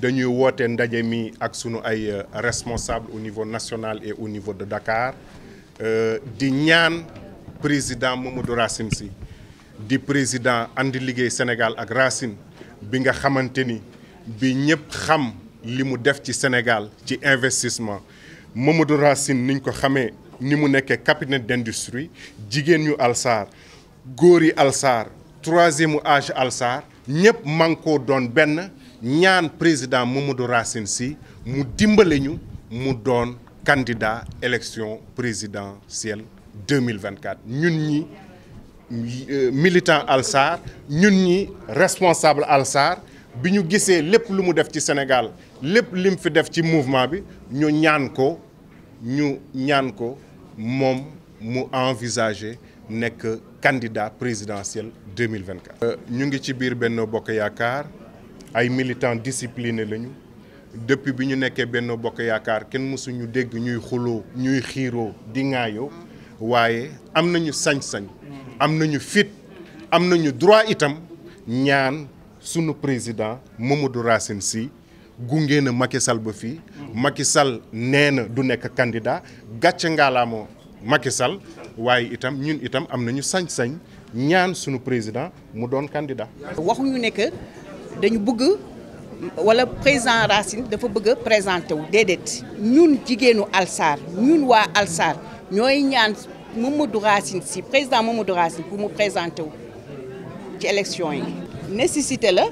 dañuy woté ndaje mi ak sunu ay euh, responsable au niveau national et au niveau de Dakar euh, di ñaan président Mamadou Racine Sy di président andi liggéey Sénégal ak Racine bi nga xamante bi ñëpp xam limu def ci Sénégal ci investissement Mamadou Racine niñ ko xamé ni mu nekkee capitaine d'industrie jigen ñu alsar gori alsar troisième âge alsar ñëpp manko doon benn ñaan président Mamadou Racine si mu dimbale ñu mu doon candidat élection présidentielle 2024 ñun ñi euh, militant Alsar ñun ñi responsable Alsar bi ñu gisee lépp lu mu def ci Sénégal lépp lim fi def ci mouvement bi ñu ñaan ko ñu ñaan ko moom mu envisager nekk candidat présidentiel 2024. Euh, ñu ngi ci biir Benno Bokk Yaakaar. ay militants disciplinés lañu depuis bi ñu nekkee Benno Bokk Yaakaar kenn mësuñu dégg ñuy xuloo ñuy xiiroo di ŋaayoo waaye am nañu sañ-sañ am nañu fit am nañu droit itam ñaan sunu président Mamadou Racine si gunge na Macky ba fii makisal Sall du nekk candidat gàcc ngaalaama Macky waaye itam ñun itam am nañu sañ-sañ ñaan sunu président mu doon candidat waxuñu nekk dañu bëgg wala président Racine dafa bëgg a présenté wu déedéet ñun jigéenu alsar ñun wa alsar ñoy ñaan Mamadou Racine si président Mamadou Racine pour mu présenté wu ci élection yi. nécessité la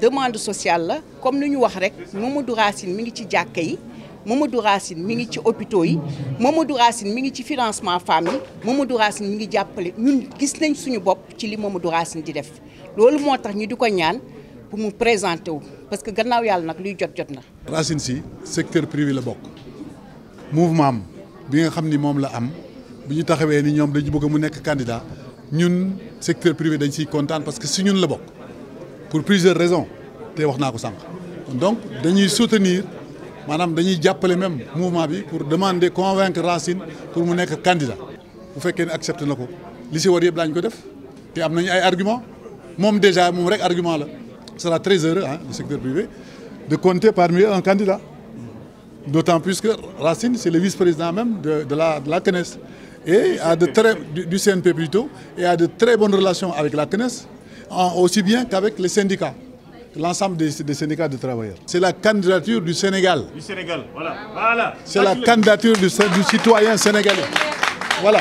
demande sociale la comme ni ñu wax rek Mamadou Racine mi ngi ci jàkka yi. Mamadou Racine mi ngi ci hôpitaux yi Mamadou Racine mi ngi ci financement famille Mamadou Racine mi ngi jappalé ñun gis nañ suñu bop ci li Mamadou Racine di def loolu motax ñi diko ñaan pour me présenter parce que gannaaw yàlla nag luy jot jot Racine le secteur privé la bokk mouvement am bi nga xam Vous moom la am bu ñu ni ñoom dañu bëgg mu nekk candidat ñun secteur privé dañ content, parce que si ñun la pour plusieurs raisons te wax naa ko donc nous soutenir maanaam dañuy jàppale même mouvement pour demander convaincre Racine pour mu nekk candidat bu fekkee accepte accepté na ko li si war yëpp daañu ko def te am déjà mon vrai argument la sera très heureux, hein, le secteur privé, de compter parmi eux un candidat. D'autant plus que Racine, c'est le vice-président même de, la, CNES. Et du, CNP plutôt, et a de très bonnes relations avec la CNES, aussi bien qu'avec les syndicats, l'ensemble des, syndicats de travailleurs. C'est la candidature du Sénégal. Du Sénégal, voilà. C'est la candidature du citoyen sénégalais. Voilà.